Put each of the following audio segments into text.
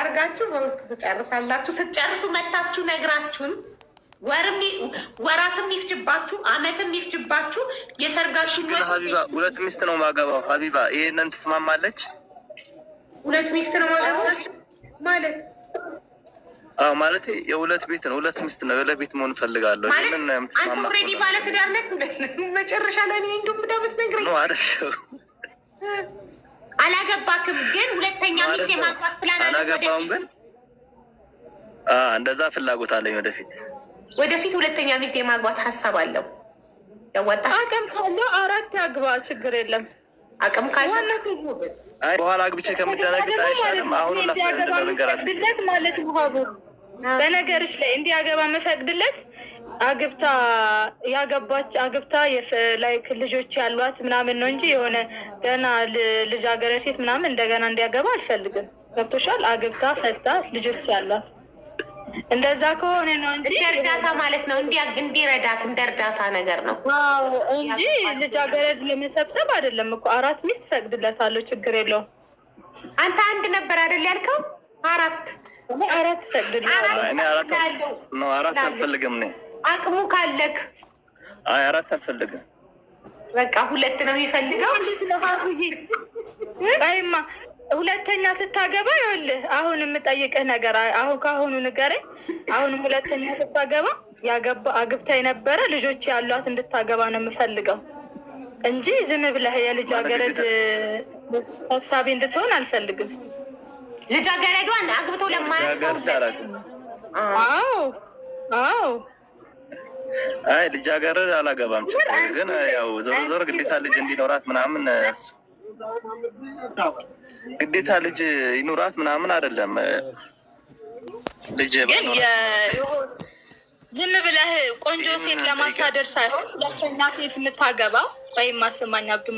አርጋችሁ በውስጥ ትጨርሳላችሁ። ስትጨርሱ መታችሁ ነግራችሁን፣ ወራትም ይፍጅባችሁ፣ አመትም ይፍጅባችሁ። የሰርጋችሁ ሁለት ሚስት ነው ማገባው። ሀቢባ ይሄንን ትስማማለች? ሁለት ሚስት ነው ማገባው ማለት አዎ ማለት የሁለት ቤት ነው። ሁለት ሚስት ነው። የሁለት ቤት መሆን እፈልጋለሁ። አንተ ኦልሬዲ ባለ ነህ። መጨረሻ ላይ እኔ እንደውም ብዳመት ነው አረሸው አላገባክም፣ ግን ሁለተኛ ሚስት የማግባት ፕላን አላገባሁም፣ ግን እንደዛ ፍላጎት አለኝ። ወደፊት ወደፊት ሁለተኛ ሚስት የማግባት ሀሳብ አለው። ያዋጣ አቅም ካለ አራት ያግባ፣ ችግር የለም። አቅም ካለው በኋላ አግብቼ ከምደነግጥ አይሻልም? አሁኑ ላስደነግጥ ማለት ነው። በነገርሽ ላይ እንዲያገባ መፈቅድለት አግብታ ያገባች አግብታ ላይክ ልጆች ያሏት ምናምን ነው እንጂ የሆነ ገና ልጃገረድ ሴት ምናምን እንደገና እንዲያገባ አልፈልግም። ገብቶሻል? አግብታ ፈታ ልጆች ያሏት እንደዛ ከሆነ ነው እንጂ እርዳታ ማለት ነው እንዲረዳት እንደ እርዳታ ነገር ነው እንጂ ልጃገረድ ለመሰብሰብ አይደለም እኮ። አራት ሚስት ፈቅድለታለሁ፣ ችግር የለውም። አንተ አንድ ነበር አይደል ያልከው? አራት አራት ፈቅድለታለሁ። አራት አልፈልግም ነው አቅሙ ካለክ አይ አራት አልፈልግም። በቃ ሁለት ነው የሚፈልገው። ይማ ሁለተኛ ስታገባ ይኸውልህ፣ አሁን የምጠይቅህ ነገር አሁን ከአሁኑ ንገረኝ። አሁንም ሁለተኛ ስታገባ ያገባ አግብታ የነበረ ልጆች ያሏት እንድታገባ ነው የምፈልገው እንጂ ዝም ብለህ አገረድ ሰብሳቢ እንድትሆን አልፈልግም። ልጃገረዷን አግብቶ ለማያውቀው አዎ አዎ አይ ልጃገረድ አላገባም፣ ችግር ግን ያው ዞሮ ዞሮ ግዴታ ልጅ እንዲኖራት ምናምን ግዴታ ልጅ ይኑራት ምናምን አይደለም። ልጅ ዝም ብለህ ቆንጆ ሴት ለማሳደር ሳይሆን ሁለተኛ ሴት የምታገባው ወይም ማሰማኝ አብዱ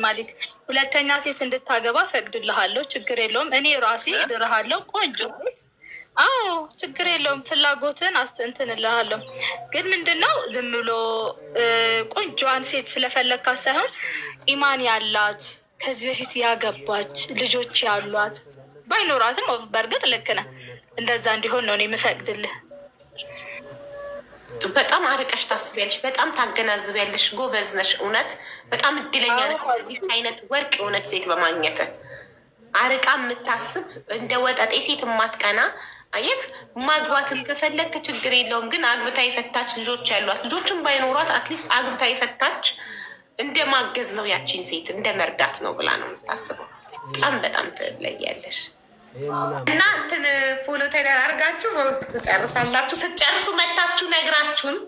ሁለተኛ ሴት እንድታገባ ፈቅድልሃለሁ፣ ችግር የለውም። እኔ ራሴ ድርሃለሁ ቆንጆ ሴት አዎ ችግር የለውም። ፍላጎትን አስተንትንልሃለሁ። ግን ምንድን ነው ዝም ብሎ ቆንጆዋን ሴት ስለፈለግካት ሳይሆን ኢማን ያላት ከዚህ በፊት ያገባች ልጆች ያሏት ባይኖራትም፣ በእርግጥ ልክ ነህ። እንደዛ እንዲሆን ነው የምፈቅድልህ። በጣም አርቀሽ ታስቢያለሽ፣ በጣም ታገናዝቢያለሽ። ጎበዝ ነሽ። እውነት በጣም እድለኛ ነሽ እዚህ አይነት ወርቅ የሆነች ሴት በማግኘት አርቃ የምታስብ እንደ ወጠጤ ሴት የማትቀና አየህ ማግባትን ከፈለግክ ችግር የለውም። ግን አግብታ የፈታች ልጆች ያሏት ልጆችን ባይኖሯት አትሊስት አግብታ የፈታች እንደ ማገዝ ነው፣ ያቺን ሴት እንደ መርዳት ነው ብላ ነው የምታስበው። በጣም በጣም ትለያለሽ። እና እንትን ፎሎ ተደራርጋችሁ በውስጥ ትጨርሳላችሁ። ስትጨርሱ መታችሁ ነግራችሁን